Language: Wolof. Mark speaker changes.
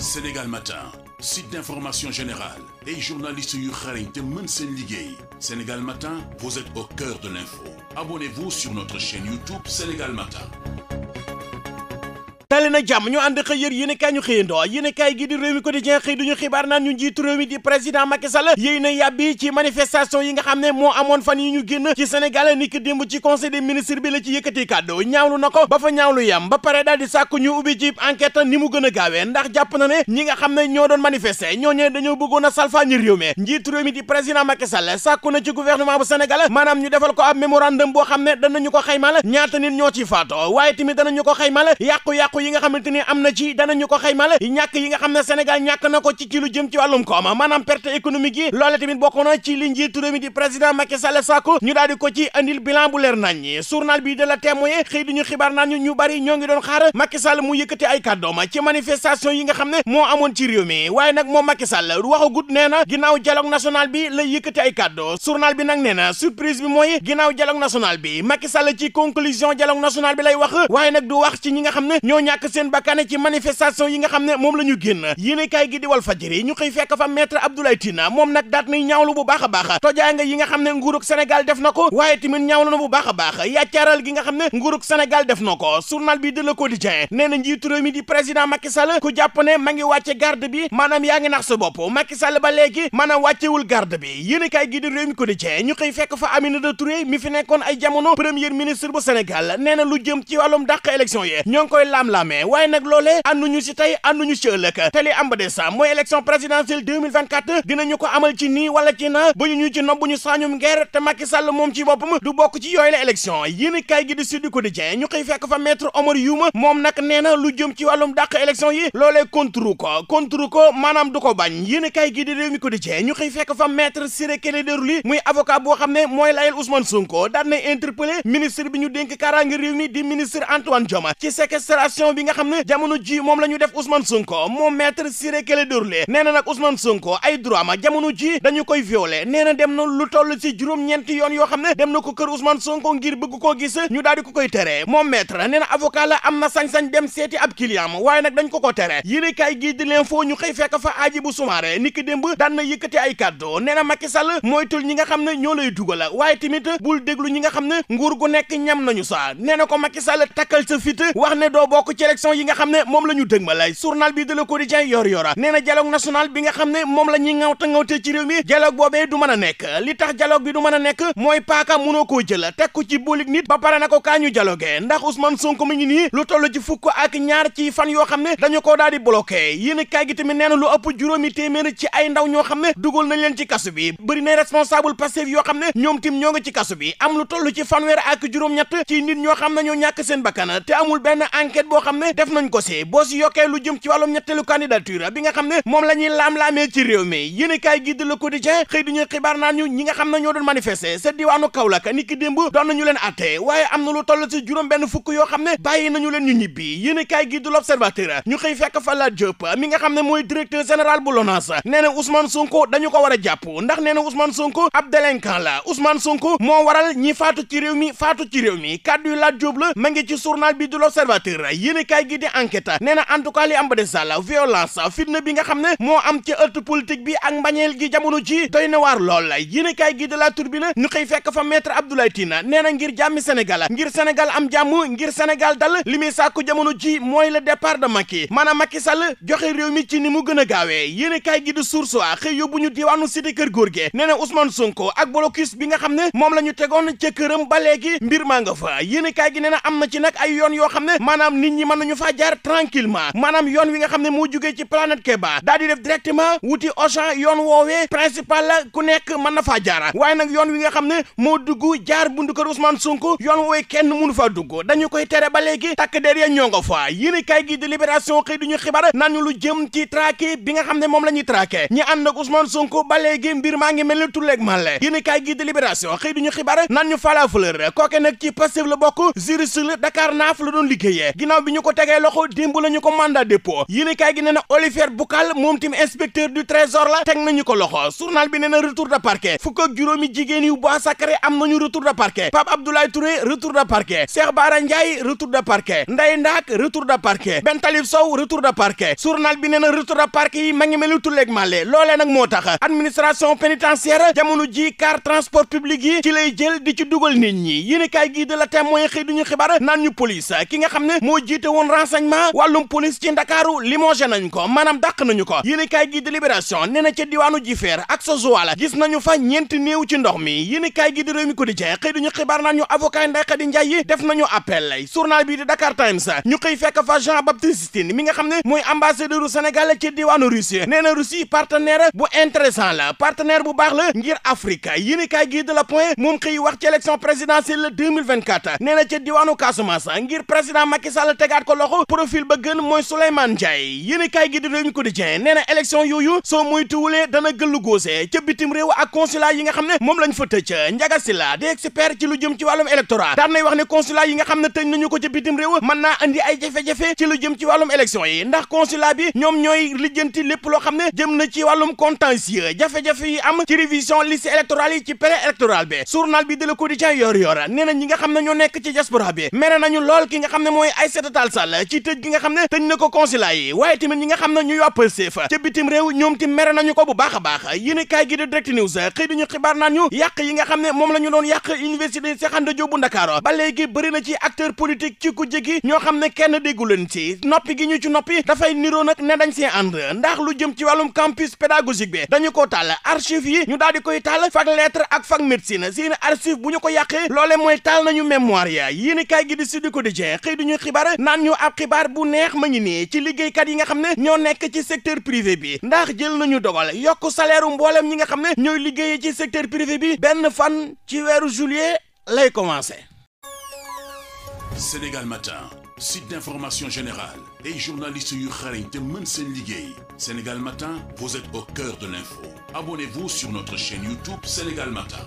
Speaker 1: Sénégal Matin site d'information générale et journaliste yu xarañ te mën seen liggéey Sénégal Matin vous êtes au cœur de l'info abonnez-vous sur notre chaîne YouTube Sénégal Matin dali na jàmm ñu ànd xëy yër yéenekaay ñu xëyandoo yéenekaay gi di réew mi quotidien xëy duñu xibaar naan ñu njiitu réew di président Macky Sall yéy na yàbbi ci manifestation yi nga xam ne moo amoon fan yi ñu génn ci Sénégal ni ki démb ci conseil des ministres bi la ci yëkkati kàddu ñaawlu na ko ba fa ñaawlu yam ba pare daal di ñu ubbi ci enquête ni mu gën a gaawee ndax jàpp na ne ñi nga xam ne ñoo doon manifester ñoo ñee dañoo bëggoon a salfaañi réew mi njiitu réew mi di président Macky Sall maanaam ñu defal ko ab mémorandum boo xam ne danañu ko xaymal ñaata nit ñoo ci faatoo waaye tamit danañu ko xaymal yàqu-yàqu yi nga xamante ni am na ci danañu ko xaymal ñàkk yi nga xam ne Sénégal ñàkk na ko ci ci lu jëm ci wàllum kooma maanaam perte économique yi loole tamit bokk na ci li njiitu réew mi di président Macky Sall sàkku ñu daal ko ci andil bilan bu leer nañ journal bi de la témoin xëy duñu xibaar naan ñu bari ñoo ngi doon xaar Macky Sall mu yëkkati ay kàddoom ci manifestation yi nga xam ne moo amoon ci réew mi waaye nag moom Macky Sall waxagut na ginnaaw bi la yëkkati ay kàddo journal bi nee na surprise bi mooy ginnaaw dialogue national bi Macky Sall ci conclusion dialogue national ñàkk seen bakkane ci manifestation yi nga xam ne moom la ñu génn yéenekaay gi di Walf Fadjri ñu xëy fekk fa maître Abdoulaye Tine moom nag daat nay ñaawlu bu baax a baax tojaanga yi nga xam ne nguurug Sénégal def na ko waaye tamit ñaawlu na bu baax a baax yàccaaral gi nga xam ne nguurug senegal def na ko journal bi de Le Quotidien nee na njiitu réew mi di président Macky Sall ku jàpp ne ma ngi wàcce garde bi maanaam yaa ngi nax sa bopp Macky Sall ba léegi maanaam wàccewul garde bi yéenekaay gi di Réew mi Quotidien ñu xëy fekk fa Aminata Touré mi fi nekkoon ay jamono premier ministre bu Sénégal nee na lu jëm ci wàllum dàq élection yi ngi koy laam amee waaye nag loolee ànduñu ci tey ànduñu ci ëllëg te li am ba des mooy élection présidentielle 2024 dinañu ko amal ci nii wala ci na ba ñu ñu ci nobbu ñu saañum ngeer te Macky Sall moom ci boppam du bokk ci yooyu la élection yéen kay gi di Sud Quotidien ñu xëy fekk fa maître Omar Youma moom nag nee na lu jëm ci wàllum dàq élection yi loolee contre ko contre ko maanaam du ko bañ yéen kay gi di Rewmi Quotidien ñu xëy fekk fa maître Ciré Clédor Ly muy avocat boo xam ne mooy layel Ousmane Sonko daan bi ñu dénk kaaraange réew mi bi nga xam ne jamono ji moom la ñu def Ousmane Sonko moom maître Ciré Clédor Ly nee na nag usman Sonko ay droit ma jamono ji dañu koy violé nee na dem na lu toll ci juróom-ñeenti yoon yoo xam ne dem na ko kër Ousmane Sonko ngir bëgg ko gis ñu daal di ko koy tere moom maître nee na avocat la am na sañ-sañ dem seeti ab client ma waaye nag dañ ko ko tere yéene kaay gii di l'info ñu xëy fekk fa aji bu sumaare niki démb daan na yëkkati ay kàddu nee na Macky Sall moytul ñi nga xam ne ñoo lay dugal waaye tamit bul déglu ñi nga xam ne nguur gu nekk ñam nañu sa nee na ko Macky Sall takkal sa fit wax ne élection yi nga xam ne moom la ñu dëgmalay journal bi de Le Quotidien yor yora nee na dialogue national bi nga xam ne moom la ŋawta ŋawtee ci réew mi dialogue boobee du mën a nekk li tax dialogue bi du mën a nekk mooy paaka mënoo koo jël teg ko ci boolig nit ba pare na ko kaa ñu dialogue ndax Ousmane Sonko mi ngi nii lu toll ci fukk ak ñaar ci fan yoo xam ne dañu koo daal di bloqué yéen kaay gi tamit nee na lu ëpp juróomi téeméer ci ay ndaw ñoo xam ne dugal nañ leen ci kasu bi bëri na xam ne ñoom tim ñoo ngi ci kasu bi am lu toll ci fanweer xam def nañ ko si boo si yokkee lu jëm ci wàllum ñetteelu candidature bi nga xam ne moom la ñuy laam-laamee ci réew mi yéenekaay gi di Le Quotidien xëy di ñuy xibaar naa ñu ñi nga xam ne doon manifester sa diwaanu Kaolack ni ki démb doon nañu leen atte waaye am na lu toll juróom benn fukk yoo xam ne bàyyi nañu leen ñu ñibbi yéenekaay gi di L'Observateur ñu xëy fekk fa Lat Diop mi nga xam ne mooy directeur général bu LONASE nee na Ousmane Sonko dañu ko war a jàpp ndax nee na Ousmane Sonko ab délinquant la Ousmane Sonko moo waral ñi faatu ci réew mi faatu ci réew mi kàddu yu Lat Diop ma ngi ci journal bi di L'Observateur kaay gi di enquête nee na en tout cas li am ba des sàlla violence fitna bi nga xam ne moo am ci ëtt politique bi ak mbañeel gi jamono ji doy na waar lool yéen kaay gi de la turbine ñu xëy fekk fa maître Abdoulaye Tine nee na ngir jàmmi Sénégal ngir Sénégal am jàmm ngir Sénégal dal li muy sàkku jamono ji mooy la départ de Macky maanaam Macky Sall joxe réew mi ci ni mu gën a gaawee yéen kaay gi di source waa xëy yóbbu ñu diwaanu si kër góor gi nee na Ousmane Sonko ak blocus bi nga xam ne moom la ñu tegoon ca këram ba léegi mbir maa nga fa kaay gi nee na am na ci nag ay yoon yoo xam ne mën nañu faa jaar tranquillement maanaam yoon wi nga xam ne moo jugee ci planète Keba daal di def directement wuti Auchan yoon woowee principal la ku nekk mën na faa jaara waaye nag yoon wi nga xam ne moo dugg jaar bundu kër Ousmane Sonko yoon woowee kenn mënu faa dugg dañu koy tere ba léegi takk der ya ñoo nga fa yéen kay gi di libération xëy duñu xibaar ñu lu jëm ci xam ne moom la ñuy traqué ñi ànd ak Ousmane maa ngi mel ni tulleeg màlle yéen kay gi ci Pastef la bokk juriste la Dakar naaf la doon liggéeyee ginnaaw bi ñu ko tegee loxo démb ñu ko mandat dépôt yéenekaay gi nee na Olivier moom tim inspecteur du trésor la teg nañu ko loxo journal bi nee na retour de parquet fukk ak juróomi jigéen yu Bois Sacré am nañu retour de parquet Pape Abdoulaye Touré retour de parquet Cheikh Bara Ndiaye retour de parquet Ndeye Ndaak retour de parquet Ben Talib Sow retour de parquet journal bi nee na retour de yi ma ngi mel ni tulleeg màlle loolee nag moo tax administration pénitentiaire jamono ji car transport public yi ci lay jël di ci dugal nit ñi yéenekaay ki nga xam ne moo jiite jiite woon renseignement wàllum police ci ndakaaru limogé nañ ko maanaam dàq nañu ko yéenekaay gi di Libération nee na Jifeer ak sa gis nañu fa ñeenti néew ci ndox mi yéenekaay gi di Rewmi Quotidien xëy duñu xibaar naan ñu avocat Ndeye Khady Ndiaye yi def nañu appel journal bii Dakar Times ñu xëy fekk fa Jean Baptiste mi nga xam ne mooy ambassadeur u Sénégal Russie nee na Russie partenaire bu intéressant la partenaire bu baax la ngir Afrique yéenekaay gi de la Point moom xëy wax ci élection présidentielle 2024 nee tegaat ko ba gën mooy Souleymane Ndiaye yéen kaay gi di Rewmi Quotidien nee na élection yooyu soo muy tuwulee dana gëllu góose ca bitim réew ak consulat yi nga xam ne moom lañ fa tëj Ndiaga Sylla di expert ci lu jëm ci wàllum électorat daan wax ne consulat yi nga xam ne tëj nañu ko ca bitim réew mën naa andi ay jafe-jafe ci lu jëm ci wàllum élection yi ndax consulat bi ñoom ñooy lijjanti lépp loo xam ne jëm na ci wàllum contentieux jafe-jafe yi am ci révision liste nga xam ne ñoo nekk ci diaspora ki nga xam ne mooy Aïssata Tall ci tëj gi nga xam ne tëj na ko consulat yi waaye tamit ñi nga xam ne ñu waa Pastef ca bitim réew ñoom ti mere nañu ko bu baax a baax yéen kaay gi di direct news xëy dañu xibaar naan yàq yi nga xam ne moom la ñu doon yàq université Cheikh Anta Diop bu Ndakaaru ba léegi bëri na ci acteur politique ci ku jegi ñoo xam ne kenn déggu leen ci noppi gi ñu ci noppi dafay niroo nag ne dañ ànd ndax lu jëm ci wàllum campus pédagogique bi dañu ko taal archive yi ñu di koy taal fac lettre ak fac ko yàqee loole mooy taal nañu mémoire ya yéen kaay gi naan ñu ab xibaar bu neex ma ngi nii ci liggéeykat yi nga xam ne ñoo nekk ci secteur privé bi ndax jël nañu dogal yokk saleeru mboolem ñi nga xam ne ñooy liggéey ci secteur privé bi benn fan ci weeru juillet lay commencé. Sénégal Matin, site d'information générale et journaliste yu xarañ te mën seen liggéey. Sénégal Matin, vous êtes au cœur de l'info. Abonnez-vous sur notre chaîne YouTube Sénégal Matin.